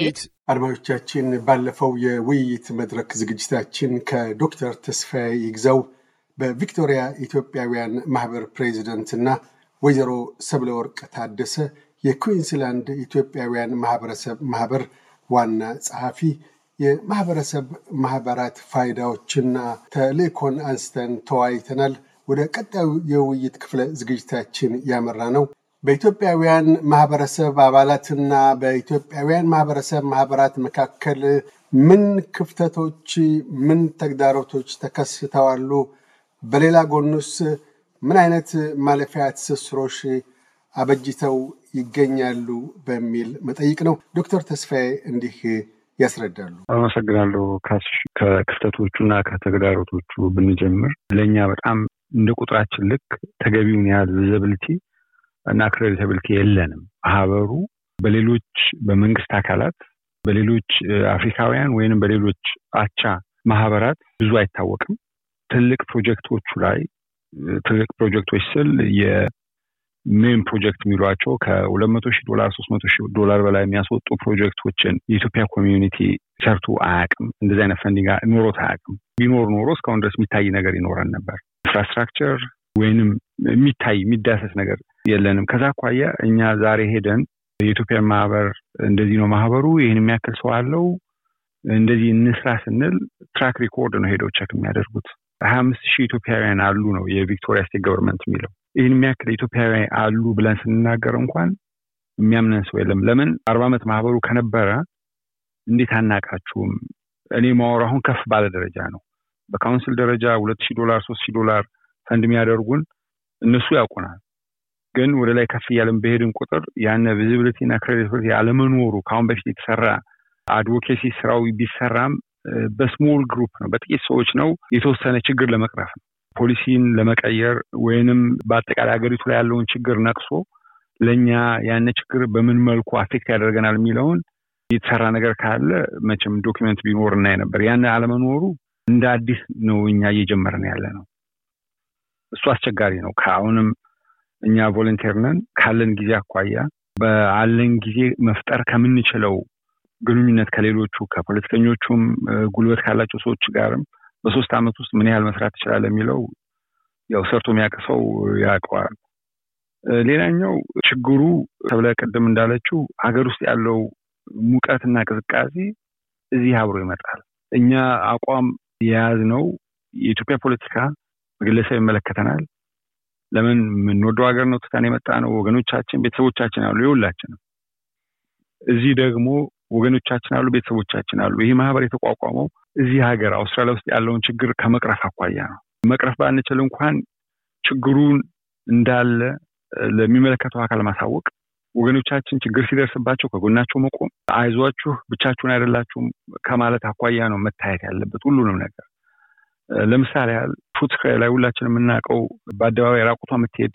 ውይይት አድማጮቻችን፣ ባለፈው የውይይት መድረክ ዝግጅታችን ከዶክተር ተስፋዬ ይግዛው በቪክቶሪያ ኢትዮጵያውያን ማህበር ፕሬዚደንትና ወይዘሮ ሰብለ ወርቅ ታደሰ የኩዊንስላንድ ኢትዮጵያውያን ማህበረሰብ ማህበር ዋና ጸሐፊ የማህበረሰብ ማህበራት ፋይዳዎችና ተልእኮን አንስተን ተወያይተናል። ወደ ቀጣዩ የውይይት ክፍለ ዝግጅታችን ያመራ ነው። በኢትዮጵያውያን ማህበረሰብ አባላትና በኢትዮጵያውያን ማህበረሰብ ማህበራት መካከል ምን ክፍተቶች፣ ምን ተግዳሮቶች ተከስተዋሉ? በሌላ ጎኑስ ምን አይነት ማለፊያ ትስስሮች አበጅተው ይገኛሉ? በሚል መጠይቅ ነው። ዶክተር ተስፋዬ እንዲህ ያስረዳሉ። አመሰግናለሁ ካስሽ። ከክፍተቶቹና ከተግዳሮቶቹ ብንጀምር ለእኛ በጣም እንደ ቁጥራችን ልክ ተገቢውን ያህል ቪዚብሊቲ እና ክሬዲታብሊቲ የለንም። ማህበሩ በሌሎች በመንግስት አካላት በሌሎች አፍሪካውያን ወይንም በሌሎች አቻ ማህበራት ብዙ አይታወቅም። ትልቅ ፕሮጀክቶቹ ላይ ትልቅ ፕሮጀክቶች ስል የሜን ፕሮጀክት የሚሏቸው ከ200 ዶላር 300 ዶላር በላይ የሚያስወጡ ፕሮጀክቶችን የኢትዮጵያ ኮሚኒቲ ሰርቶ አያቅም እንደዚህ አይነት ፈንዲንግ ኖሮት አያቅም ቢኖር ኖሮ እስካሁን ድረስ የሚታይ ነገር ይኖረን ነበር። ኢንፍራስትራክቸር ወይንም የሚታይ የሚዳሰስ ነገር የለንም። ከዛ አኳያ እኛ ዛሬ ሄደን የኢትዮጵያን ማህበር እንደዚህ ነው ማህበሩ ይህን የሚያክል ሰው አለው እንደዚህ እንስራ ስንል ትራክ ሪኮርድ ነው ሄደው ቸክ የሚያደርጉት። ሀያ አምስት ሺህ ኢትዮጵያውያን አሉ ነው የቪክቶሪያ ስቴት ገቨርንመንት የሚለው። ይህን የሚያክል ኢትዮጵያውያን አሉ ብለን ስንናገር እንኳን የሚያምነን ሰው የለም። ለምን አርባ ዓመት ማህበሩ ከነበረ እንዴት አናቃችሁም? እኔ ማወሩ አሁን ከፍ ባለ ደረጃ ነው። በካውንስል ደረጃ ሁለት ሺህ ዶላር ሶስት ሺህ ዶላር ፈንድ የሚያደርጉን እነሱ ያውቁናል። ግን ወደ ላይ ከፍ እያለን በሄድን ቁጥር ያነ ቪዚብሊቲ እና ክሬዲት አለመኖሩ ከአሁን በፊት የተሰራ አድቮኬሲ ስራው ቢሰራም በስሞል ግሩፕ ነው፣ በጥቂት ሰዎች ነው፣ የተወሰነ ችግር ለመቅረፍ ነው። ፖሊሲን ለመቀየር ወይንም በአጠቃላይ ሀገሪቱ ላይ ያለውን ችግር ነቅሶ ለእኛ ያነ ችግር በምን መልኩ አፌክት ያደርገናል የሚለውን የተሰራ ነገር ካለ መቼም ዶኪመንት ቢኖር እናይ ነበር። ያን አለመኖሩ እንደ አዲስ ነው እኛ እየጀመርን ያለ ነው። እሱ አስቸጋሪ ነው። ከአሁንም እኛ ቮለንቲር ነን። ካለን ጊዜ አኳያ በአለን ጊዜ መፍጠር ከምንችለው ግንኙነት ከሌሎቹ ከፖለቲከኞቹም ጉልበት ካላቸው ሰዎች ጋርም በሶስት ዓመት ውስጥ ምን ያህል መስራት ይችላል የሚለው ያው ሰርቶ የሚያቅሰው ሰው ያውቀዋል። ሌላኛው ችግሩ ተብለ ቅድም እንዳለችው ሀገር ውስጥ ያለው ሙቀትና ቅዝቃዜ እዚህ አብሮ ይመጣል። እኛ አቋም የያዝ ነው የኢትዮጵያ ፖለቲካ በግለሰብ ይመለከተናል፣ ለምን የምንወደው ሀገር ነው ትተን የመጣ ነው። ወገኖቻችን፣ ቤተሰቦቻችን አሉ፣ የሁላችን ነው። እዚህ ደግሞ ወገኖቻችን አሉ፣ ቤተሰቦቻችን አሉ። ይህ ማህበር የተቋቋመው እዚህ ሀገር አውስትራሊያ ውስጥ ያለውን ችግር ከመቅረፍ አኳያ ነው። መቅረፍ ባንችል እንኳን ችግሩን እንዳለ ለሚመለከተው አካል ማሳወቅ፣ ወገኖቻችን ችግር ሲደርስባቸው ከጎናቸው መቆም፣ አይዟችሁ ብቻችሁን አይደላችሁም ከማለት አኳያ ነው መታየት ያለበት ሁሉንም ነገር። ለምሳሌ ያህል ባለፉት ላይ ሁላችን የምናውቀው በአደባባይ ራቁቷ የምትሄድ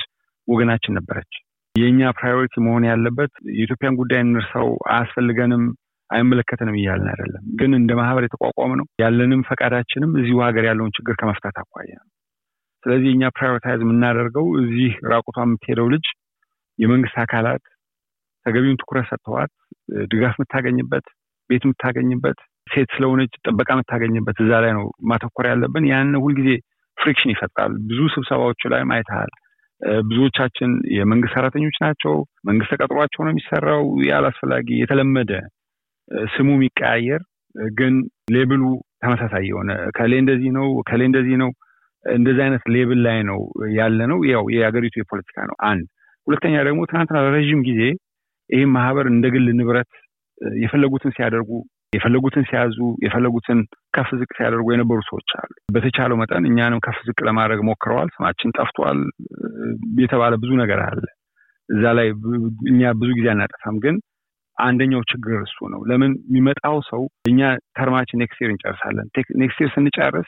ወገናችን ነበረች። የእኛ ፕራዮሪቲ መሆን ያለበት የኢትዮጵያን ጉዳይ እንርሳው፣ አያስፈልገንም፣ አይመለከተንም እያልን አይደለም። ግን እንደ ማህበር የተቋቋመ ነው። ያለንም ፈቃዳችንም እዚሁ ሀገር ያለውን ችግር ከመፍታት አኳያ ነው። ስለዚህ እኛ ፕራዮሪታይዝ የምናደርገው እዚህ ራቁቷ የምትሄደው ልጅ የመንግስት አካላት ተገቢውን ትኩረት ሰጥተዋት ድጋፍ የምታገኝበት ቤት የምታገኝበት ሴት ስለሆነች ጥበቃ የምታገኝበት እዛ ላይ ነው ማተኮር ያለብን። ያን ሁልጊዜ ፍሪክሽን ይፈጥራል። ብዙ ስብሰባዎች ላይ ማይተሃል። ብዙዎቻችን የመንግስት ሰራተኞች ናቸው። መንግስት ተቀጥሯቸው ነው የሚሰራው። አስፈላጊ የተለመደ ስሙ የሚቀያየር ግን ሌብሉ ተመሳሳይ የሆነ ከሌ እንደዚህ ነው ከሌ እንደዚህ ነው እንደዚህ አይነት ሌብል ላይ ነው ያለ ነው። ያው የሀገሪቱ የፖለቲካ ነው አንድ። ሁለተኛ ደግሞ ትናንትና ለረዥም ጊዜ ይህም ማህበር እንደ ግል ንብረት የፈለጉትን ሲያደርጉ የፈለጉትን ሲያዙ የፈለጉትን ከፍ ዝቅ ሲያደርጉ የነበሩ ሰዎች አሉ። በተቻለው መጠን እኛንም ከፍ ዝቅ ለማድረግ ሞክረዋል። ስማችን ጠፍቷል የተባለ ብዙ ነገር አለ። እዛ ላይ እኛ ብዙ ጊዜ አናጠፋም፣ ግን አንደኛው ችግር እሱ ነው። ለምን የሚመጣው ሰው እኛ ተርማችን ኔክስቴር እንጨርሳለን። ኔክስቴር ስንጨርስ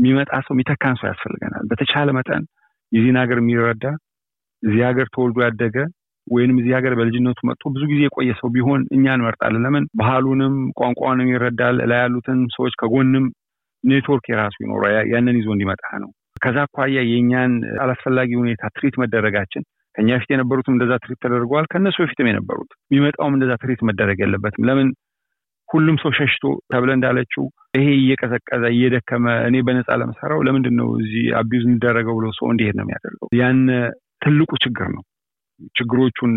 የሚመጣ ሰው የሚተካን ሰው ያስፈልገናል። በተቻለ መጠን የዚህን ሀገር የሚረዳ እዚህ ሀገር ተወልዶ ያደገ ወይንም እዚህ ሀገር በልጅነቱ መጥቶ ብዙ ጊዜ የቆየ ሰው ቢሆን እኛ እንመርጣለን። ለምን ባህሉንም ቋንቋውንም ይረዳል። ላይ ያሉትን ሰዎች ከጎንም ኔትወርክ የራሱ ይኖረ ያንን ይዞ እንዲመጣ ነው። ከዛ አኳያ የእኛን አላስፈላጊ ሁኔታ ትሪት መደረጋችን ከኛ በፊት የነበሩትም እንደዛ ትሪት ተደርገዋል። ከእነሱ በፊትም የነበሩት የሚመጣውም እንደዛ ትሪት መደረግ የለበትም። ለምን ሁሉም ሰው ሸሽቶ ተብለ እንዳለችው ይሄ እየቀዘቀዘ እየደከመ እኔ በነፃ ለመሰራው ለምንድን ነው እዚህ አቢዩዝ የሚደረገው ብሎ ሰው እንዲሄድ ነው የሚያደርገው። ያን ትልቁ ችግር ነው። ችግሮቹን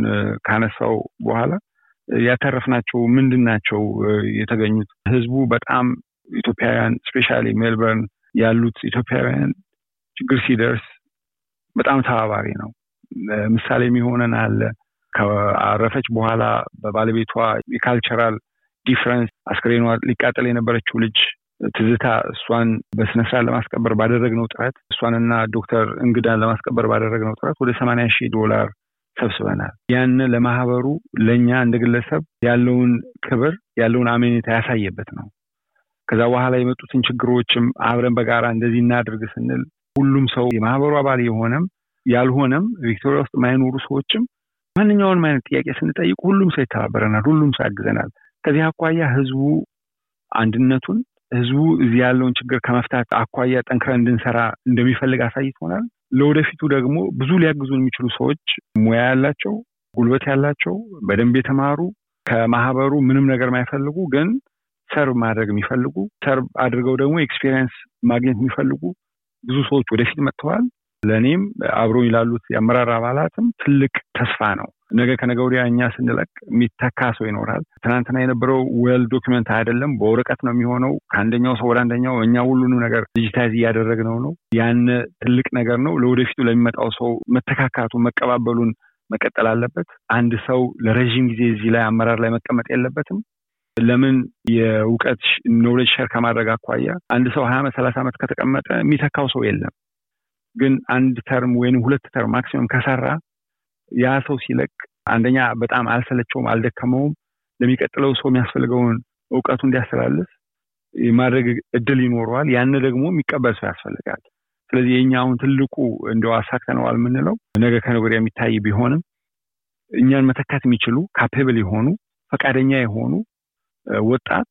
ካነሳው በኋላ ያተረፍናቸው ምንድን ናቸው የተገኙት? ህዝቡ በጣም ኢትዮጵያውያን ስፔሻ ሜልበርን ያሉት ኢትዮጵያውያን ችግር ሲደርስ በጣም ተባባሪ ነው። ምሳሌ የሚሆነን አለ። ከአረፈች በኋላ በባለቤቷ የካልቸራል ዲፍረንስ አስክሬኗ ሊቃጠል የነበረችው ልጅ ትዝታ እሷን በስነስራ ለማስቀበር ባደረግነው ጥረት እሷንና ዶክተር እንግዳን ለማስቀበር ባደረግነው ጥረት ወደ ሰማኒያ ሺህ ዶላር ሰብስበናል። ያን ለማህበሩ ለእኛ እንደ ግለሰብ ያለውን ክብር ያለውን አሜኔታ ያሳየበት ነው። ከዛ በኋላ የመጡትን ችግሮችም አብረን በጋራ እንደዚህ እናድርግ ስንል ሁሉም ሰው የማህበሩ አባል የሆነም ያልሆነም ቪክቶሪያ ውስጥ የማይኖሩ ሰዎችም ማንኛውንም አይነት ጥያቄ ስንጠይቅ ሁሉም ሰው ይተባበረናል፣ ሁሉም ሰው ያግዘናል። ከዚህ አኳያ ህዝቡ አንድነቱን ህዝቡ እዚህ ያለውን ችግር ከመፍታት አኳያ ጠንክረን እንድንሰራ እንደሚፈልግ አሳይቶናል። ለወደፊቱ ደግሞ ብዙ ሊያግዙ የሚችሉ ሰዎች ሙያ ያላቸው፣ ጉልበት ያላቸው፣ በደንብ የተማሩ ከማህበሩ ምንም ነገር ማይፈልጉ ግን ሰርቭ ማድረግ የሚፈልጉ ሰርቭ አድርገው ደግሞ ኤክስፔሪየንስ ማግኘት የሚፈልጉ ብዙ ሰዎች ወደፊት መጥተዋል። ለእኔም አብሮኝ ላሉት የአመራር አባላትም ትልቅ ተስፋ ነው። ነገ ከነገ ወዲያ እኛ ስንለቅ የሚተካ ሰው ይኖራል። ትናንትና የነበረው ወል ዶኪመንት አይደለም፣ በወረቀት ነው የሚሆነው። ከአንደኛው ሰው ወደ አንደኛው እኛ ሁሉኑ ነገር ዲጂታይዝ እያደረግነው ነው። ያን ትልቅ ነገር ነው። ለወደፊቱ ለሚመጣው ሰው መተካካቱ መቀባበሉን መቀጠል አለበት። አንድ ሰው ለረዥም ጊዜ እዚህ ላይ አመራር ላይ መቀመጥ የለበትም። ለምን የእውቀት ኖሌጅ ሸር ከማድረግ አኳያ አንድ ሰው ሀያ ዓመት ሰላሳ ዓመት ከተቀመጠ የሚተካው ሰው የለም። ግን አንድ ተርም ወይም ሁለት ተርም ማክሲመም ከሰራ ያ ሰው ሲለቅ አንደኛ በጣም አልሰለቸውም፣ አልደከመውም። ለሚቀጥለው ሰው የሚያስፈልገውን እውቀቱ እንዲያስተላልፍ ማድረግ እድል ይኖረዋል። ያን ደግሞ የሚቀበል ሰው ያስፈልጋል። ስለዚህ የእኛውን ትልቁ እንደው አሳክተነዋል የምንለው ነገ ከነገር የሚታይ ቢሆንም እኛን መተካት የሚችሉ ካፔብል የሆኑ ፈቃደኛ የሆኑ ወጣት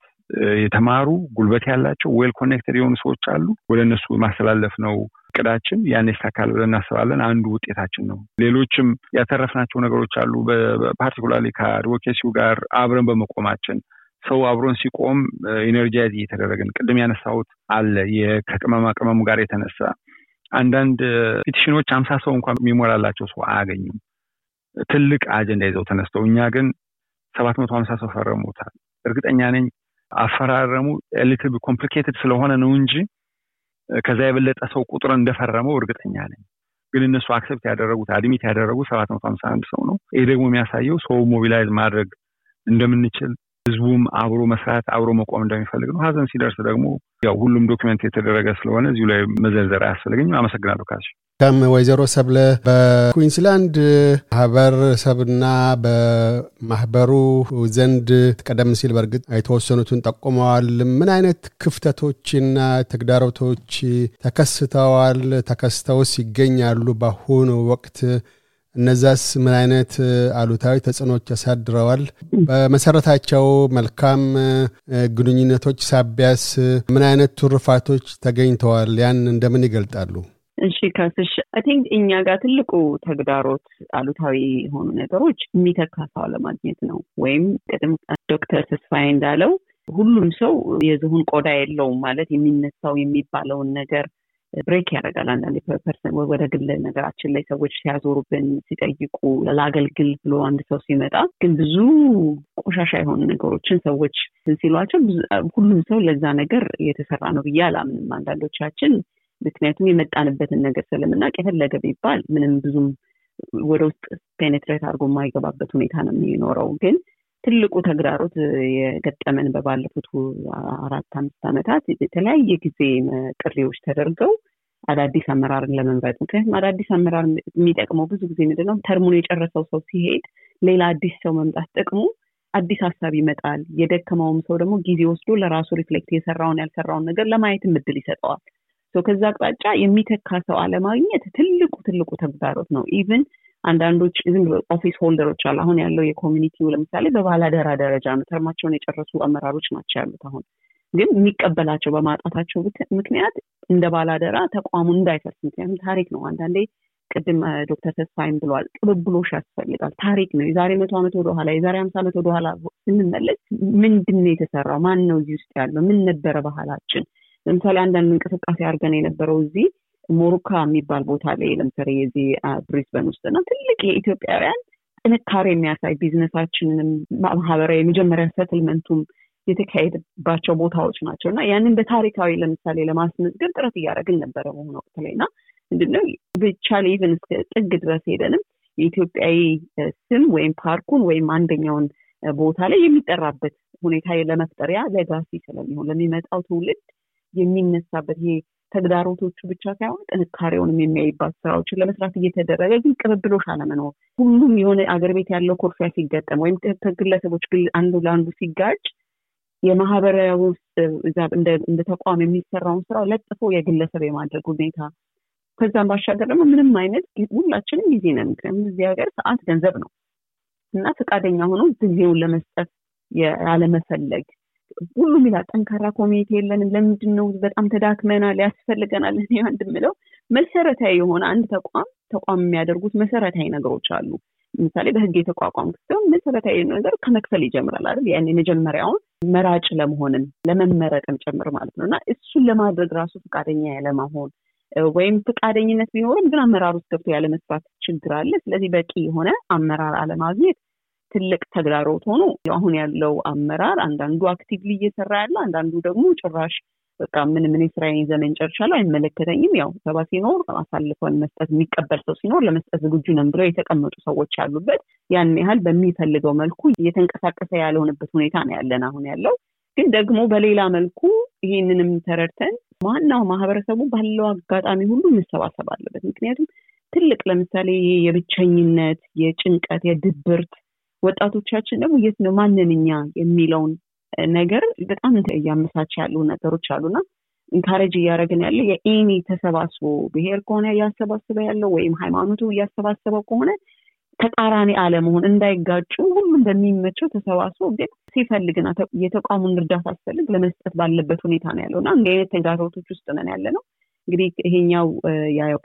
የተማሩ ጉልበት ያላቸው ዌል ኮኔክተድ የሆኑ ሰዎች አሉ። ወደ እነሱ ማስተላለፍ ነው እቅዳችን። ያን ይሳካል ብለን እናስባለን። አንዱ ውጤታችን ነው። ሌሎችም ያተረፍናቸው ነገሮች አሉ። ፓርቲኩላ ከአድቮኬሲው ጋር አብረን በመቆማችን ሰው አብሮን ሲቆም ኢነርጃይዝ እየተደረግን ቅድም ያነሳውት አለ ከቅመማ ቅመሙ ጋር የተነሳ አንዳንድ ፒቲሽኖች አምሳ ሰው እንኳን የሚሞላላቸው ሰው አያገኙም። ትልቅ አጀንዳ ይዘው ተነስተው እኛ ግን ሰባት መቶ ሀምሳ ሰው ፈረሙታል። እርግጠኛ ነኝ አፈራረሙ ሊትል ኮምፕሊኬትድ ስለሆነ ነው እንጂ uh, ከዛ የበለጠ ሰው ቁጥር እንደፈረመው እርግጠኛ ነኝ። ግን እነሱ አክሰፕት ያደረጉት አድሚት ያደረጉት ሰባት መቶ ሀምሳ አንድ ሰው ነው። ይህ ደግሞ የሚያሳየው ሰው ሞቢላይዝ ማድረግ እንደምንችል ህዝቡም አብሮ መስራት አብሮ መቆም እንደሚፈልግ ነው። ሀዘን ሲደርስ ደግሞ ያው ሁሉም ዶክመንት የተደረገ ስለሆነ እዚሁ ላይ መዘርዘር አያስፈልገኝ አመሰግናለሁ። ካሽ ከም ወይዘሮ ሰብለ በኩዊንስላንድ ማህበር ሰብና በማህበሩ ዘንድ ቀደም ሲል በእርግጥ የተወሰኑትን ጠቁመዋል። ምን አይነት ክፍተቶችና ተግዳሮቶች ተከስተዋል? ተከስተውስ ይገኛሉ በአሁኑ ወቅት እነዛስ ምን አይነት አሉታዊ ተጽዕኖች ያሳድረዋል? በመሰረታቸው መልካም ግንኙነቶች ሳቢያስ ምን አይነት ቱርፋቶች ተገኝተዋል? ያን እንደምን ይገልጣሉ? እሺ ከስሽ አይ ቲንክ እኛ ጋር ትልቁ ተግዳሮት አሉታዊ የሆኑ ነገሮች የሚተካ ሰው ለማግኘት ነው። ወይም ቅድም ዶክተር ተስፋዬ እንዳለው ሁሉም ሰው የዝሆን ቆዳ የለውም ማለት የሚነሳው የሚባለውን ነገር ብሬክ ያደርጋል። አንዳንድ ፐርሰን ወደ ግል ነገራችን ላይ ሰዎች ሲያዞሩብን፣ ሲጠይቁ ለአገልግል ብሎ አንድ ሰው ሲመጣ ግን ብዙ ቆሻሻ የሆኑ ነገሮችን ሰዎች ሲሏቸው ሁሉም ሰው ለዛ ነገር የተሰራ ነው ብዬ አላምንም። አንዳንዶቻችን ምክንያቱም የመጣንበትን ነገር ስለምናቅ የፈለገ ቢባል ምንም ብዙም ወደ ውስጥ ፔኔትሬት አድርጎ የማይገባበት ሁኔታ ነው የሚኖረው ግን ትልቁ ተግዳሮት የገጠመን በባለፉት አራት አምስት ዓመታት የተለያየ ጊዜ ጥሪዎች ተደርገው አዳዲስ አመራርን ለመምረጥ ምክንያቱም አዳዲስ አመራር የሚጠቅመው ብዙ ጊዜ ምንድነው ተርሙን የጨረሰው ሰው ሲሄድ ሌላ አዲስ ሰው መምጣት ጥቅሙ አዲስ ሀሳብ ይመጣል። የደከመውም ሰው ደግሞ ጊዜ ወስዶ ለራሱ ሪፍሌክት የሰራውን ያልሰራውን ነገር ለማየትም እድል ይሰጠዋል። ከዛ አቅጣጫ የሚተካ ሰው አለማግኘት ትልቁ ትልቁ ተግዳሮት ነው። ኢቭን አንዳንዶች ዝም ኦፊስ ሆልደሮች አሉ። አሁን ያለው የኮሚኒቲው ለምሳሌ በባላደራ ደረጃ ነው ተርማቸውን የጨረሱ አመራሮች ናቸው ያሉት። አሁን ግን የሚቀበላቸው በማጣታቸው ምክንያት እንደ ባላደራ ተቋሙን እንዳይፈርስ ምክንያቱም ታሪክ ነው። አንዳንዴ ቅድም ዶክተር ተስፋይም ብለዋል፣ ቅብብሎሽ ያስፈልጋል። ታሪክ ነው። የዛሬ መቶ ዓመት ወደኋላ የዛሬ አምሳ ዓመት ወደኋላ ስንመለስ ምንድን የተሰራው? ማን ነው እዚህ ውስጥ ያለው? ምን ነበረ ባህላችን? ለምሳሌ አንዳንድ እንቅስቃሴ አድርገን የነበረው እዚህ ሞሩካ የሚባል ቦታ ላይ ለምሳሌ የዚህ ብሪስበን ውስጥ ነው ትልቅ የኢትዮጵያውያን ጥንካሬ የሚያሳይ ቢዝነሳችንንም ማህበራዊ የመጀመሪያ ሰትልመንቱም የተካሄደባቸው ቦታዎች ናቸው እና ያንን በታሪካዊ ለምሳሌ ለማስመዝገብ ጥረት እያደረግን ነበረ በሆነ ወቅት ላይ ና ምንድነው ብቻ ኢቨን እስከ ጥግ ድረስ ሄደንም የኢትዮጵያዊ ስም ወይም ፓርኩን ወይም አንደኛውን ቦታ ላይ የሚጠራበት ሁኔታ ለመፍጠሪያ ለጋሲ ስለሚሆን ለሚመጣው ትውልድ የሚነሳበት ይሄ ተግዳሮቶቹ ብቻ ሳይሆን ጥንካሬውንም የሚያይባት ስራዎችን ለመስራት እየተደረገ ግን ቅብብሎሽ አለመኖር ሁሉም የሆነ አገር ቤት ያለው ኮርፊያ ሲገጠም ወይም ግለሰቦች አንዱ ለአንዱ ሲጋጭ የማህበራዊ ውስጥ እንደ ተቋም የሚሰራውን ስራ ለጥፎ የግለሰብ የማድረግ ሁኔታ ከዛም ባሻገር ደግሞ ምንም አይነት ሁላችንም ጊዜ ነን። ምክንያቱም እዚህ ሀገር ሰዓት ገንዘብ ነው እና ፈቃደኛ ሆኖ ጊዜውን ለመስጠት ያለመፈለግ ሁሉም ይላል ጠንካራ ኮሚኒቲ የለንም፣ ለምንድን ነው በጣም ተዳክመናል፣ ያስፈልገናል። እኔ አንድ ምለው መሰረታዊ የሆነ አንድ ተቋም ተቋም የሚያደርጉት መሰረታዊ ነገሮች አሉ። ለምሳሌ በህግ የተቋቋም ሲሆን መሰረታዊ ነገር ከመክፈል ይጀምራል አይደል? ያን የመጀመሪያውን መራጭ ለመሆንም ለመመረጥም ጭምር ማለት ነው እና እሱን ለማድረግ ራሱ ፈቃደኛ ያለመሆን ወይም ፈቃደኝነት ቢኖርም ግን አመራር ውስጥ ገብቶ ያለመስራት ችግር አለ። ስለዚህ በቂ የሆነ አመራር አለማግኘት ትልቅ ተግዳሮት ሆኖ አሁን ያለው አመራር አንዳንዱ አክቲቭሊ እየሰራ ያለ፣ አንዳንዱ ደግሞ ጭራሽ በቃ ምን ምን የስራዬን ይዘን ጨርሻለሁ አይመለከተኝም፣ ያው ሰባ ሲኖር አሳልፈን መስጠት የሚቀበል ሰው ሲኖር ለመስጠት ዝግጁ ነን ብለው የተቀመጡ ሰዎች ያሉበት ያን ያህል በሚፈልገው መልኩ እየተንቀሳቀሰ ያልሆነበት ሁኔታ ነው ያለን አሁን ያለው። ግን ደግሞ በሌላ መልኩ ይህንንም ተረድተን ዋናው ማህበረሰቡ ባለው አጋጣሚ ሁሉ መሰባሰብ አለበት። ምክንያቱም ትልቅ ለምሳሌ የብቸኝነት፣ የጭንቀት፣ የድብርት ወጣቶቻችን ደግሞ የት ነው ማንንኛ የሚለውን ነገር በጣም እያመሳች ያሉ ነገሮች አሉና ኢንካሬጅ እያደረግን ያለ የኢኒ ተሰባስቦ ብሄር ከሆነ እያሰባስበ ያለው ወይም ሃይማኖቱ እያሰባሰበው ከሆነ ተቃራኒ አለመሆን እንዳይጋጩ ሁሉም በሚመቸው ተሰባስቦ ግን ሲፈልግና የተቋሙን እርዳታ ሲፈልግ ለመስጠት ባለበት ሁኔታ ነው ያለው እና እንዲ አይነት ተግዳሮቶች ውስጥ ነን ያለ ነው። እንግዲህ ይሄኛው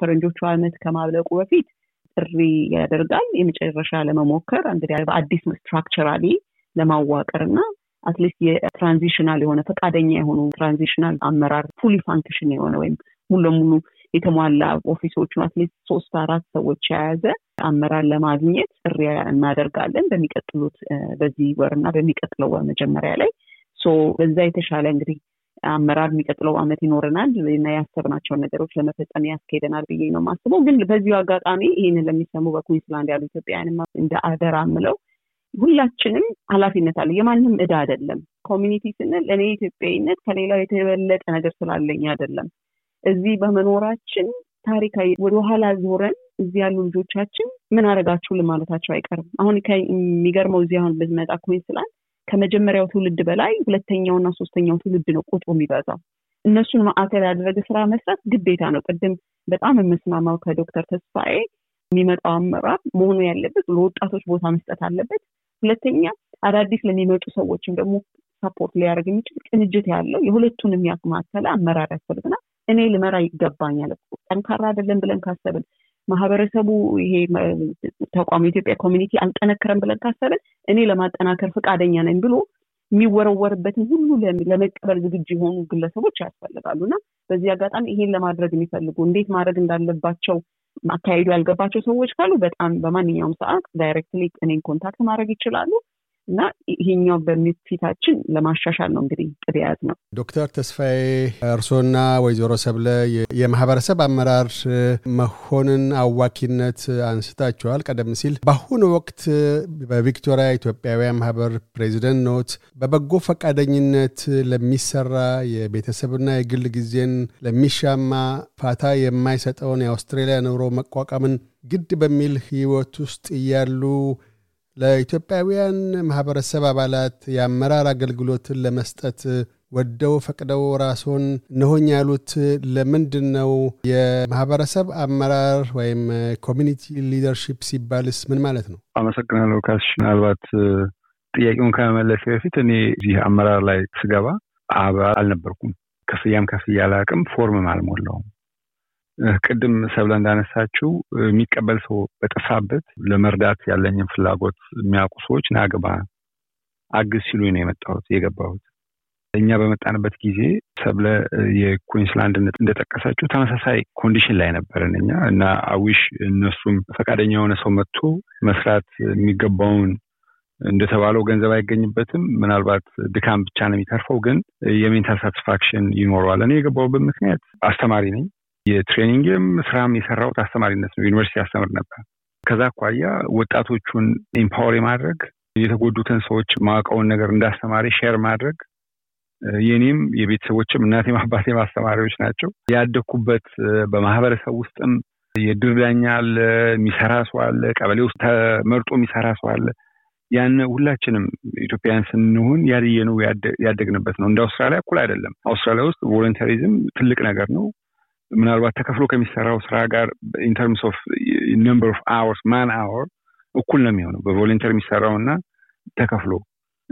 ፈረንጆቹ አመት ከማብለቁ በፊት ጥሪ ያደርጋል። የመጨረሻ ለመሞከር እንግዲህ በአዲስ ስትራክቸራሊ ለማዋቀር እና አትሊስት የትራንዚሽናል የሆነ ፈቃደኛ የሆኑ ትራንዚሽናል አመራር ፉሊ ፋንክሽን የሆነ ወይም ሙሉ ለሙሉ የተሟላ ኦፊሶቹን አትሊስት ሶስት አራት ሰዎች የያዘ አመራር ለማግኘት ጥሪ እናደርጋለን። በሚቀጥሉት በዚህ ወርና በሚቀጥለው ወር መጀመሪያ ላይ ሶ በዛ የተሻለ እንግዲህ አመራር የሚቀጥለው ዓመት ይኖረናል እና ያሰብናቸውን ነገሮች ለመፈጸም ያስኬደናል ብዬ ነው የማስበው። ግን በዚሁ አጋጣሚ ይህንን ለሚሰሙ በኩንስላንድ ያሉ ኢትዮጵያውያን እንደ አደራ ምለው ሁላችንም ኃላፊነት አለ። የማንም እዳ አይደለም። ኮሚኒቲ ስንል እኔ ኢትዮጵያዊነት ከሌላው የተበለጠ ነገር ስላለኝ አይደለም። እዚህ በመኖራችን ታሪካዊ ወደኋላ ዞረን እዚህ ያሉ ልጆቻችን ምን አረጋችሁ ማለታቸው አይቀርም። አሁን የሚገርመው እዚህ አሁን በዝመጣ ኩንስላንድ ከመጀመሪያው ትውልድ በላይ ሁለተኛውና ሶስተኛው ትውልድ ነው ቁጥሩ የሚበዛው። እነሱን ማዕከል ያደረገ ስራ መስራት ግዴታ ነው። ቅድም በጣም የምስማማው ከዶክተር ተስፋዬ የሚመጣው አመራር መሆኑ ያለበት ለወጣቶች ቦታ መስጠት አለበት። ሁለተኛ አዳዲስ ለሚመጡ ሰዎችም ደግሞ ሰፖርት ሊያደርግ የሚችል ቅንጅት ያለው የሁለቱንም ያማከለ አመራር ያስፈልግናል። እኔ ልመራ ይገባኛል። ጠንካራ አይደለም ብለን ካሰብን ማህበረሰቡ ይሄ ተቋሙ የኢትዮጵያ ኮሚኒቲ አልጠነከረም ብለን ካሰብን እኔ ለማጠናከር ፈቃደኛ ነኝ ብሎ የሚወረወርበትን ሁሉ ለመቀበል ዝግጁ የሆኑ ግለሰቦች ያስፈልጋሉ እና በዚህ አጋጣሚ ይሄን ለማድረግ የሚፈልጉ እንዴት ማድረግ እንዳለባቸው አካሄዱ ያልገባቸው ሰዎች ካሉ በጣም በማንኛውም ሰዓት ዳይሬክትሊ እኔን ኮንታክት ማድረግ ይችላሉ። እና ይሄኛው ፊታችን ለማሻሻል ነው እንግዲህ ጥሪ ያዝ ነው። ዶክተር ተስፋዬ እርሶና ወይዘሮ ሰብለ የማህበረሰብ አመራር መሆንን አዋኪነት አንስታችኋል። ቀደም ሲል በአሁኑ ወቅት በቪክቶሪያ ኢትዮጵያውያን ማህበር ፕሬዚደንት ኖት። በበጎ ፈቃደኝነት ለሚሰራ የቤተሰብና የግል ጊዜን ለሚሻማ ፋታ የማይሰጠውን የአውስትሬሊያ ኑሮ መቋቋምን ግድ በሚል ህይወት ውስጥ እያሉ ለኢትዮጵያውያን ማህበረሰብ አባላት የአመራር አገልግሎትን ለመስጠት ወደው ፈቅደው ራስዎን እነሆኝ ያሉት ለምንድን ነው? የማህበረሰብ አመራር ወይም ኮሚኒቲ ሊደርሺፕ ሲባልስ ምን ማለት ነው? አመሰግናለሁ ካሽ። ምናልባት ጥያቄውን ከመመለስ በፊት እኔ እዚህ አመራር ላይ ስገባ አባል አልነበርኩም። ከፍያም ከፍያ አላቅም፣ ፎርምም አልሞላውም። ቅድም ሰብለ እንዳነሳችው የሚቀበል ሰው በጠፋበት ለመርዳት ያለኝን ፍላጎት የሚያውቁ ሰዎች ናግባ አግዝ ሲሉ ነው የመጣሁት የገባሁት። እኛ በመጣንበት ጊዜ ሰብለ የኩንስላንድ እንደጠቀሳችው ተመሳሳይ ኮንዲሽን ላይ ነበርን እኛ እና አዊሽ እነሱም ፈቃደኛ የሆነ ሰው መጥቶ መስራት የሚገባውን እንደተባለው ገንዘብ አይገኝበትም። ምናልባት ድካም ብቻ ነው የሚተርፈው፣ ግን የሜንታል ሳትስፋክሽን ይኖረዋል። እኔ የገባውበት ምክንያት አስተማሪ ነኝ። የትሬኒንግም ስራም የሰራውት አስተማሪነት ነው። ዩኒቨርሲቲ አስተምር ነበር። ከዛ አኳያ ወጣቶቹን ኢምፓወር ማድረግ፣ የተጎዱትን ሰዎች ማቀውን ነገር እንዳስተማሪ ሼር ማድረግ የኔም የቤተሰቦችም እናቴም አባቴም አስተማሪዎች ናቸው። ያደግኩበት በማህበረሰብ ውስጥም የድርዳኛ ዳኛ አለ፣ የሚሰራ ሰው አለ፣ ቀበሌ ውስጥ ተመርጦ የሚሰራ ሰው አለ። ያን ሁላችንም ኢትዮጵያን ስንሆን ነው ያደግንበት ነው። እንደ አውስትራሊያ እኩል አይደለም። አውስትራሊያ ውስጥ ቮለንተሪዝም ትልቅ ነገር ነው። ምናልባት ተከፍሎ ከሚሰራው ስራ ጋር ኢንተርምስ ኦፍ ነምበር ኦፍ አወርስ ማን አወር እኩል ነው የሚሆነው በቮለንቲር የሚሰራው እና ተከፍሎ።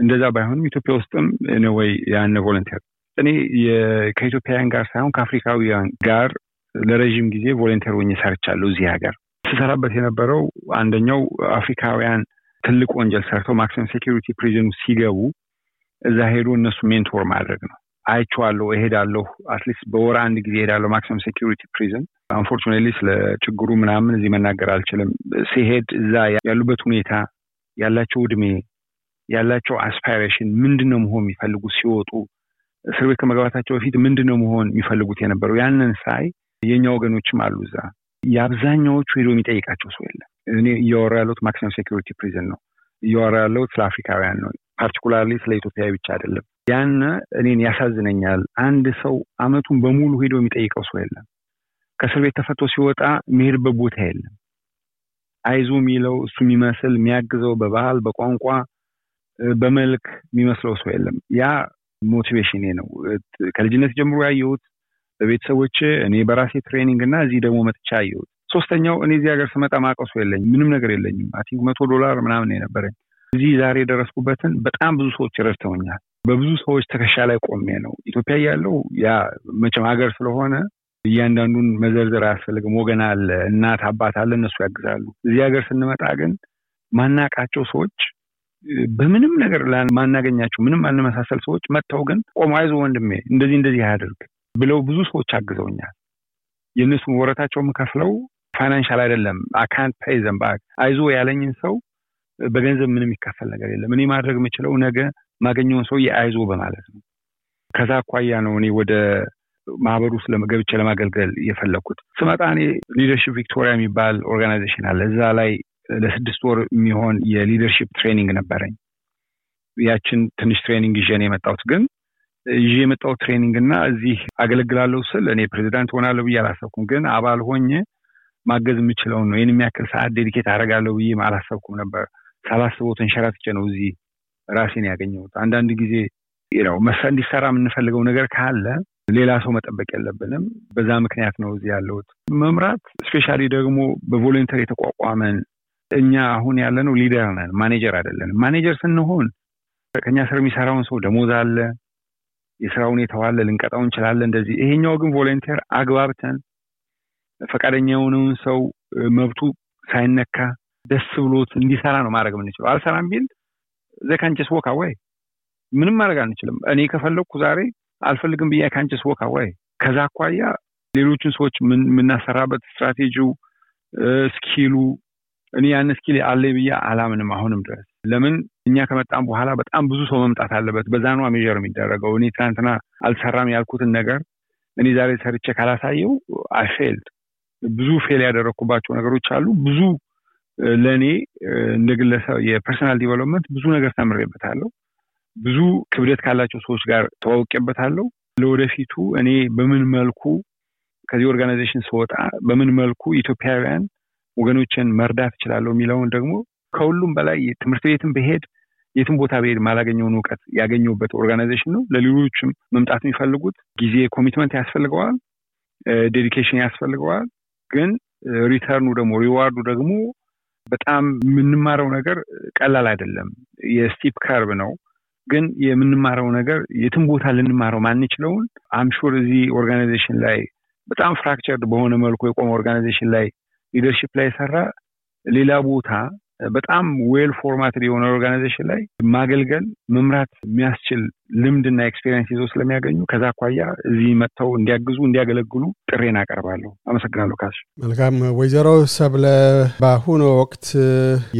እንደዛ ባይሆንም ኢትዮጵያ ውስጥም ነወይ ያነ ቮለንቲር እኔ ከኢትዮጵያውያን ጋር ሳይሆን ከአፍሪካውያን ጋር ለረዥም ጊዜ ቮለንቲር ወኝ ሰርቻለሁ እዚህ ሀገር። ስሰራበት የነበረው አንደኛው አፍሪካውያን ትልቅ ወንጀል ሰርተው ማክሲም ሴኪሪቲ ፕሪዝን ሲገቡ እዛ ሄዶ እነሱ ሜንቶር ማድረግ ነው። አይቼዋለሁ፣ እሄዳለሁ። አትሊስት በወር አንድ ጊዜ እሄዳለሁ። ማክሲመም ሴኪሪቲ ፕሪዝን። አንፎርቹኔትሊ ስለ ችግሩ ምናምን እዚህ መናገር አልችልም። ሲሄድ እዛ ያሉበት ሁኔታ፣ ያላቸው እድሜ፣ ያላቸው አስፓይሬሽን ምንድን ነው መሆን የሚፈልጉ ሲወጡ እስር ቤት ከመግባታቸው በፊት ምንድን ነው መሆን የሚፈልጉት የነበረው ያንን ሳይ የእኛ ወገኖችም አሉ እዛ። የአብዛኛዎቹ ሄዶ የሚጠይቃቸው ሰው የለም። እኔ እያወራ ያለሁት ማክሲመም ሴኪሪቲ ፕሪዝን ነው። እያወራ ያለሁት ስለ አፍሪካውያን ነው። ፓርቲኩላርሊ ስለ ኢትዮጵያዊ ብቻ አይደለም። ያን እኔን ያሳዝነኛል። አንድ ሰው አመቱን በሙሉ ሄዶ የሚጠይቀው ሰው የለም። ከእስር ቤት ተፈቶ ሲወጣ የሚሄድበት ቦታ የለም። አይዞ የሚለው እሱ የሚመስል የሚያግዘው በባህል በቋንቋ በመልክ የሚመስለው ሰው የለም። ያ ሞቲቬሽን ነው። ከልጅነት ጀምሮ ያየሁት በቤተሰቦች እኔ በራሴ ትሬኒንግ እና እዚህ ደግሞ መጥቻ አየሁት። ሶስተኛው እኔ እዚህ ሀገር ስመጣ ማቀሱ የለኝ ምንም ነገር የለኝም። አይ ቲንክ መቶ ዶላር ምናምን የነበረኝ እዚህ ዛሬ የደረስኩበትን በጣም ብዙ ሰዎች ረድተውኛል። በብዙ ሰዎች ትከሻ ላይ ቆሜ ነው። ኢትዮጵያ ያለው ያ መቼም ሀገር ስለሆነ እያንዳንዱን መዘርዘር አያስፈልግም። ወገን አለ፣ እናት አባት አለ፣ እነሱ ያግዛሉ። እዚህ ሀገር ስንመጣ ግን ማናቃቸው ሰዎች በምንም ነገር ማናገኛቸው ምንም አንመሳሰል ሰዎች መጥተው ግን ቆሞ አይዞ ወንድሜ እንደዚህ እንደዚህ አያደርግ ብለው ብዙ ሰዎች አግዘውኛል። የእነሱን ወረታቸው ምከፍለው ፋይናንሻል አይደለም። አካንት ፔይ ዘም አይዞ ያለኝን ሰው በገንዘብ ምንም ይከፈል ነገር የለም። እኔ ማድረግ የምችለው ነገ ማገኘውን ሰው የአይዞ በማለት ነው። ከዛ አኳያ ነው እኔ ወደ ማህበሩ ገብቼ ለማገልገል የፈለግኩት። ስመጣ እኔ ሊደርሽፕ ቪክቶሪያ የሚባል ኦርጋናይዜሽን አለ። እዛ ላይ ለስድስት ወር የሚሆን የሊደርሽፕ ትሬኒንግ ነበረኝ። ያችን ትንሽ ትሬኒንግ ይዤን የመጣውት ግን ይ የመጣው ትሬኒንግ እና እዚህ አገለግላለሁ ስል እኔ ፕሬዚዳንት ሆናለሁ ብዬ አላሰብኩም። ግን አባል ሆኝ ማገዝ የምችለውን ነው። ይህን የሚያክል ሰዓት ዴዲኬት አረጋለሁ ብዬ አላሰብኩም ነበር። ሳላስበው ተንሸራትቼ ነው እዚህ ራሴን ያገኘሁት። አንዳንድ ጊዜ ነው እንዲሰራ የምንፈልገው ነገር ካለ ሌላ ሰው መጠበቅ የለብንም። በዛ ምክንያት ነው እዚህ ያለሁት። መምራት ስፔሻሊ ደግሞ በቮለንተር የተቋቋመን እኛ አሁን ያለነው ሊደር ነን፣ ማኔጀር አይደለንም። ማኔጀር ስንሆን ከኛ ስር የሚሰራውን ሰው ደሞዝ አለ፣ የስራ ሁኔታው አለ፣ ልንቀጣው እንችላለን እንደዚህ። ይሄኛው ግን ቮለንቲር አግባብተን ፈቃደኛ የሆነውን ሰው መብቱ ሳይነካ ደስ ብሎት እንዲሰራ ነው ማድረግ የምንችለው። አልሰራም ቢል ዘ ወካ ወክ አዋይ ምንም ማድረግ አንችልም። እኔ ከፈለግኩ ዛሬ አልፈልግም ብዬ ካንቸስ ወክ አዋይ። ከዛ አኳያ ሌሎችን ሰዎች የምናሰራበት ስትራቴጂው ስኪሉ እኔ ያን ስኪል አለ ብዬ አላምንም አሁንም ድረስ ለምን እኛ ከመጣም በኋላ በጣም ብዙ ሰው መምጣት አለበት። በዛ ነዋ ሜር የሚደረገው። እኔ ትናንትና አልሰራም ያልኩትን ነገር እኔ ዛሬ ሰርቼ ካላሳየው አይፌልድ ብዙ ፌል ያደረግኩባቸው ነገሮች አሉ። ብዙ ለእኔ እንደ ግለሰብ የፐርሰናል ዲቨሎፕመንት ብዙ ነገር ተምሬበታለሁ። ብዙ ክብደት ካላቸው ሰዎች ጋር ተዋውቄበታለሁ። ለወደፊቱ እኔ በምን መልኩ ከዚህ ኦርጋናይዜሽን ስወጣ በምን መልኩ ኢትዮጵያውያን ወገኖችን መርዳት እችላለሁ የሚለውን ደግሞ ከሁሉም በላይ ትምህርት ቤትም ብሄድ የትም ቦታ ብሄድ ማላገኘውን እውቀት ያገኘበት ኦርጋናይዜሽን ነው። ለሌሎችም መምጣት የሚፈልጉት ጊዜ ኮሚትመንት ያስፈልገዋል፣ ዴዲኬሽን ያስፈልገዋል። ግን ሪተርኑ ደግሞ ሪዋርዱ ደግሞ በጣም የምንማረው ነገር ቀላል አይደለም። የስቲፕ ከርብ ነው። ግን የምንማረው ነገር የትም ቦታ ልንማረው ማንችለውን አምሹር እዚህ ኦርጋናይዜሽን ላይ በጣም ፍራክቸርድ በሆነ መልኩ የቆመ ኦርጋናይዜሽን ላይ ሊደርሽፕ ላይ የሰራ ሌላ ቦታ በጣም ዌል ፎርማትድ የሆነ ኦርጋናይዜሽን ላይ ማገልገል መምራት የሚያስችል ልምድና ኤክስፔሪንስ ይዘው ስለሚያገኙ ከዛ አኳያ እዚህ መጥተው እንዲያግዙ እንዲያገለግሉ ጥሬን አቀርባለሁ። አመሰግናለሁ። ካሽ መልካም። ወይዘሮ ሰብለ በአሁኑ ወቅት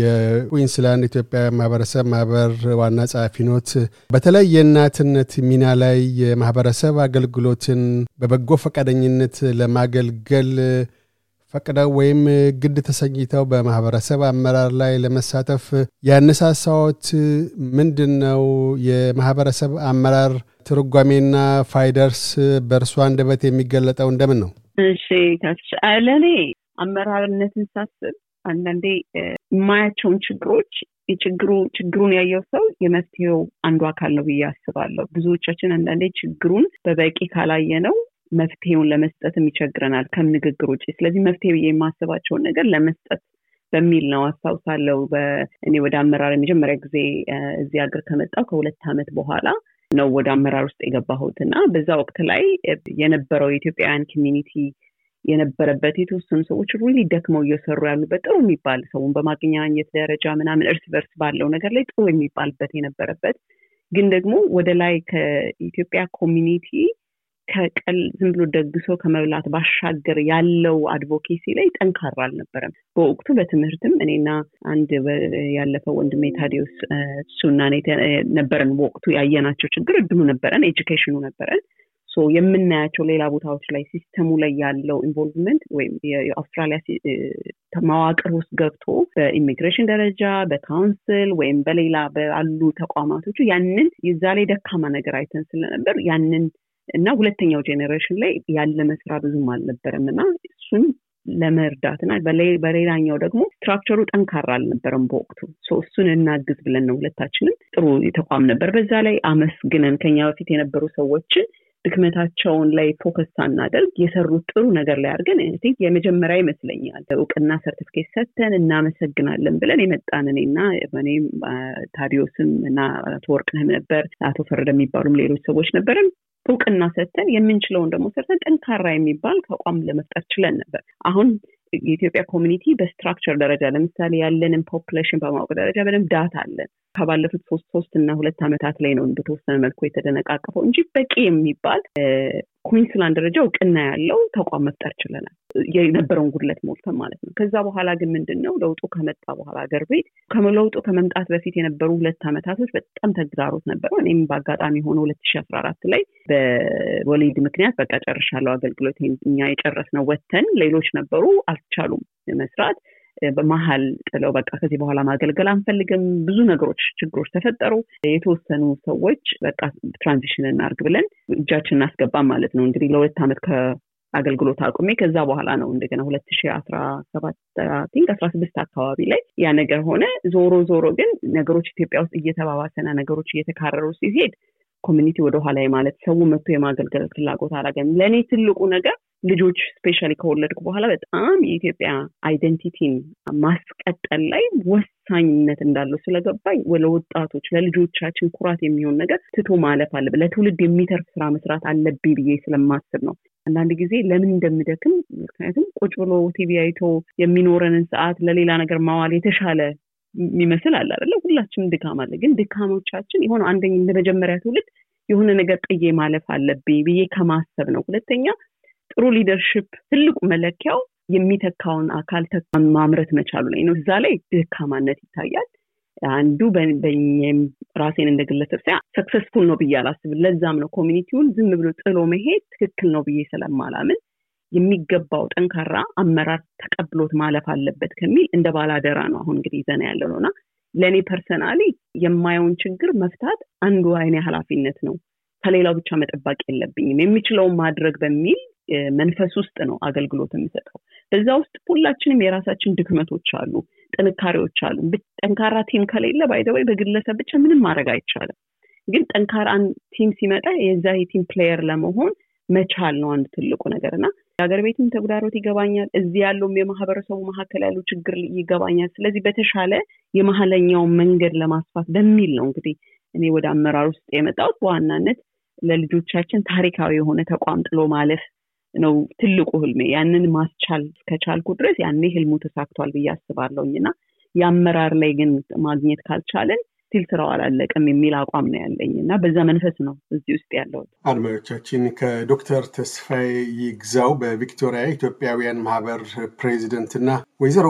የኩንስላንድ ኢትዮጵያ ማህበረሰብ ማህበር ዋና ጸሐፊ ኖት። በተለይ የእናትነት ሚና ላይ የማህበረሰብ አገልግሎትን በበጎ ፈቃደኝነት ለማገልገል ፈቅደው ወይም ግድ ተሰኝተው በማህበረሰብ አመራር ላይ ለመሳተፍ ያነሳሳዎት ምንድን ነው? የማህበረሰብ አመራር ትርጓሜና ፋይደርስ በእርሷ አንደበት የሚገለጠው እንደምን ነው? እሺ ለእኔ አመራርነትን ሳስብ አንዳንዴ የማያቸውን ችግሮች የችግሩ ችግሩን ያየው ሰው የመፍትሄው አንዱ አካል ነው ብዬ አስባለሁ። ብዙዎቻችን አንዳንዴ ችግሩን በበቂ ካላየ ነው መፍትሄውን ለመስጠት ይቸግረናል ከንግግር ውጭ። ስለዚህ መፍትሄ ብዬ የማስባቸውን ነገር ለመስጠት በሚል ነው አስታውሳለሁ። እኔ ወደ አመራር የመጀመሪያ ጊዜ እዚህ ሀገር ከመጣው ከሁለት ዓመት በኋላ ነው ወደ አመራር ውስጥ የገባሁት እና በዛ ወቅት ላይ የነበረው የኢትዮጵያውያን ኮሚኒቲ የነበረበት የተወሰኑ ሰዎች ሪሊ ደክመው እየሰሩ ያሉበት ጥሩ የሚባል ሰውን በማገኛኘት ደረጃ ምናምን እርስ በርስ ባለው ነገር ላይ ጥሩ የሚባልበት የነበረበት ግን ደግሞ ወደ ላይ ከኢትዮጵያ ኮሚኒቲ ከቀል ዝም ብሎ ደግሶ ከመብላት ባሻገር ያለው አድቮኬሲ ላይ ጠንካራ አልነበረም። በወቅቱ በትምህርትም እኔና አንድ ያለፈው ወንድሜ ታዲዮስ እሱና ነበረን በወቅቱ ያየናቸው ችግር እድሉ ነበረን፣ ኤጁኬሽኑ ነበረን። የምናያቸው ሌላ ቦታዎች ላይ ሲስተሙ ላይ ያለው ኢንቮልቭመንት ወይም የአውስትራሊያ መዋቅር ውስጥ ገብቶ በኢሚግሬሽን ደረጃ በካውንስል ወይም በሌላ ባሉ ተቋማቶቹ ያንን የዛ ላይ ደካማ ነገር አይተን ስለነበር ያንን እና ሁለተኛው ጄኔሬሽን ላይ ያለ መስራ ብዙም አልነበረም እና እሱን ለመርዳት እና በሌላኛው ደግሞ ስትራክቸሩ ጠንካራ አልነበረም በወቅቱ እሱን እናግዝ ብለን ነው ሁለታችንም። ጥሩ ተቋም ነበር። በዛ ላይ አመስግነን ከኛ በፊት የነበሩ ሰዎችን ድክመታቸውን ላይ ፎከስ ሳናደርግ የሰሩት ጥሩ ነገር ላይ አድርገን የመጀመሪያ ይመስለኛል እውቅና ሰርቲፊኬት ሰተን እናመሰግናለን ብለን የመጣን ና እኔም ታዲዮስም እና አቶ ወርቅነህም ነበር አቶ ፈረደ የሚባሉም ሌሎች ሰዎች ነበርን። እውቅና ሰተን የምንችለውን ደግሞ ሰርተን ጠንካራ የሚባል ተቋም ለመፍጠር ችለን ነበር። አሁን የኢትዮጵያ ኮሚኒቲ በስትራክቸር ደረጃ ለምሳሌ ያለንን ፖፕሌሽን በማወቅ ደረጃ በደንብ ዳታ አለን። ከባለፉት ሶስት ሶስት እና ሁለት ዓመታት ላይ ነው በተወሰነ መልኩ የተደነቃቀፈው እንጂ በቂ የሚባል ኩዊንስላንድ ደረጃ እውቅና ያለው ተቋም መፍጠር ችለናል። የነበረውን ጉድለት ሞልተን ማለት ነው። ከዛ በኋላ ግን ምንድን ነው ለውጡ ከመጣ በኋላ ሀገር ቤት ከለውጡ ከመምጣት በፊት የነበሩ ሁለት ዓመታቶች በጣም ተግዳሮት ነበረው። እኔም በአጋጣሚ ሆነ ሁለት ሺ አስራ አራት ላይ በወሊድ ምክንያት በቃ ጨርሻለው አገልግሎት እኛ ነው ወተን ሌሎች ነበሩ አልቻሉም መስራት በመሀል ጥለው በቃ ከዚህ በኋላ ማገልገል አንፈልግም፣ ብዙ ነገሮች ችግሮች ተፈጠሩ። የተወሰኑ ሰዎች በቃ ትራንዚሽን እናርግ ብለን እጃችን እናስገባም ማለት ነው። እንግዲህ ለሁለት ዓመት ከአገልግሎት አቁሜ ከዛ በኋላ ነው እንደገና ሁለት ሺ አስራ ሰባት ቲንክ አስራ ስድስት አካባቢ ላይ ያ ነገር ሆነ። ዞሮ ዞሮ ግን ነገሮች ኢትዮጵያ ውስጥ እየተባባሰና ነገሮች እየተካረሩ ሲሄድ ኮሚኒቲ ወደኋላ ማለት ሰው መጥቶ የማገልገል ፍላጎት አላገኝም። ለእኔ ትልቁ ነገር ልጆች ስፔሻሊ ከወለድኩ በኋላ በጣም የኢትዮጵያ አይደንቲቲን ማስቀጠል ላይ ወሳኝነት እንዳለው ስለገባኝ ለወጣቶች ለልጆቻችን ኩራት የሚሆን ነገር ትቶ ማለፍ አለብን። ለትውልድ የሚተርፍ ስራ መስራት አለብኝ ብዬ ስለማስብ ነው። አንዳንድ ጊዜ ለምን እንደምደክም ምክንያቱም ቁጭ ብሎ ቲቪ አይቶ የሚኖረንን ሰዓት ለሌላ ነገር ማዋል የተሻለ የሚመስል አለ አለ ሁላችንም ድካም አለ። ግን ድካሞቻችን የሆነ አንደኛ ለመጀመሪያ ትውልድ የሆነ ነገር ጥዬ ማለፍ አለብኝ ብዬ ከማሰብ ነው። ሁለተኛ ጥሩ ሊደርሽፕ ትልቁ መለኪያው የሚተካውን አካል ማምረት መቻሉ ላይ ነው። እዛ ላይ ድካማነት ይታያል። አንዱ በእኔም ራሴን እንደግለሰብ ሳ ሰክሰስፉል ነው ብዬ አላስብ ለዛም ነው ኮሚኒቲውን ዝም ብሎ ጥሎ መሄድ ትክክል ነው ብዬ ስለማላምን የሚገባው ጠንካራ አመራር ተቀብሎት ማለፍ አለበት ከሚል እንደ ባላደራ ነው አሁን እንግዲህ ዘና ያለ ነው እና ለእኔ ፐርሰናሊ የማየውን ችግር መፍታት አንዱ አይኔ ኃላፊነት ነው። ከሌላው ብቻ መጠባቅ የለብኝም። የሚችለውን ማድረግ በሚል መንፈስ ውስጥ ነው አገልግሎት የሚሰጠው። በዛ ውስጥ ሁላችንም የራሳችን ድክመቶች አሉ፣ ጥንካሬዎች አሉ። ጠንካራ ቲም ከሌለ ባይደወይ በግለሰብ ብቻ ምንም ማድረግ አይቻልም። ግን ጠንካራ ቲም ሲመጣ የዛ የቲም ፕሌየር ለመሆን መቻል ነው አንድ ትልቁ ነገር እና የሀገር ቤትም ተጉዳሮት ይገባኛል። እዚህ ያለውም የማህበረሰቡ መካከል ያለው ችግር ይገባኛል። ስለዚህ በተሻለ የመሀለኛውን መንገድ ለማስፋት በሚል ነው እንግዲህ እኔ ወደ አመራር ውስጥ የመጣሁት በዋናነት ለልጆቻችን ታሪካዊ የሆነ ተቋም ጥሎ ማለፍ ነው ትልቁ ህልሜ። ያንን ማስቻል እስከቻልኩ ድረስ ያኔ ህልሙ ተሳክቷል ብዬ አስባለውኝ እና የአመራር ላይ ግን ማግኘት ካልቻለን ስቲል ስራው አላለቀም የሚል አቋም ነው ያለኝ እና በዛ መንፈስ ነው እዚህ ውስጥ ያለው። አድማጮቻችን ከዶክተር ተስፋይ ይግዛው በቪክቶሪያ ኢትዮጵያውያን ማህበር ፕሬዚደንት እና ወይዘሮ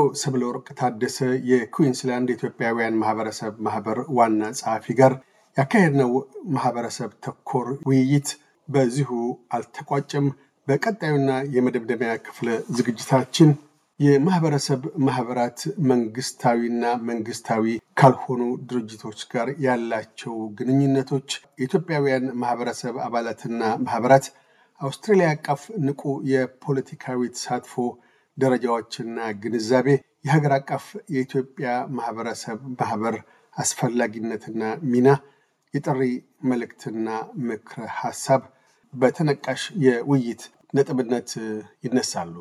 ወርቅ ታደሰ የኩዊንስላንድ ኢትዮጵያውያን ማህበረሰብ ማህበር ዋና ጸሐፊ ጋር ያካሄድነው ማህበረሰብ ተኮር ውይይት በዚሁ አልተቋጨም። በቀጣዩና የመደምደሚያ ክፍለ ዝግጅታችን የማህበረሰብ ማህበራት መንግስታዊና መንግስታዊ ካልሆኑ ድርጅቶች ጋር ያላቸው ግንኙነቶች፣ የኢትዮጵያውያን ማህበረሰብ አባላትና ማህበራት አውስትራሊያ አቀፍ ንቁ የፖለቲካዊ ተሳትፎ ደረጃዎችና ግንዛቤ፣ የሀገር አቀፍ የኢትዮጵያ ማህበረሰብ ማህበር አስፈላጊነትና ሚና፣ የጥሪ መልእክትና ምክረ ሀሳብ በተነቃሽ የውይይት ነጥብነት ይነሳሉ።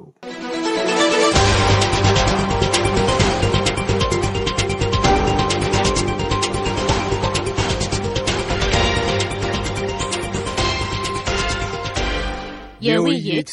የውይይት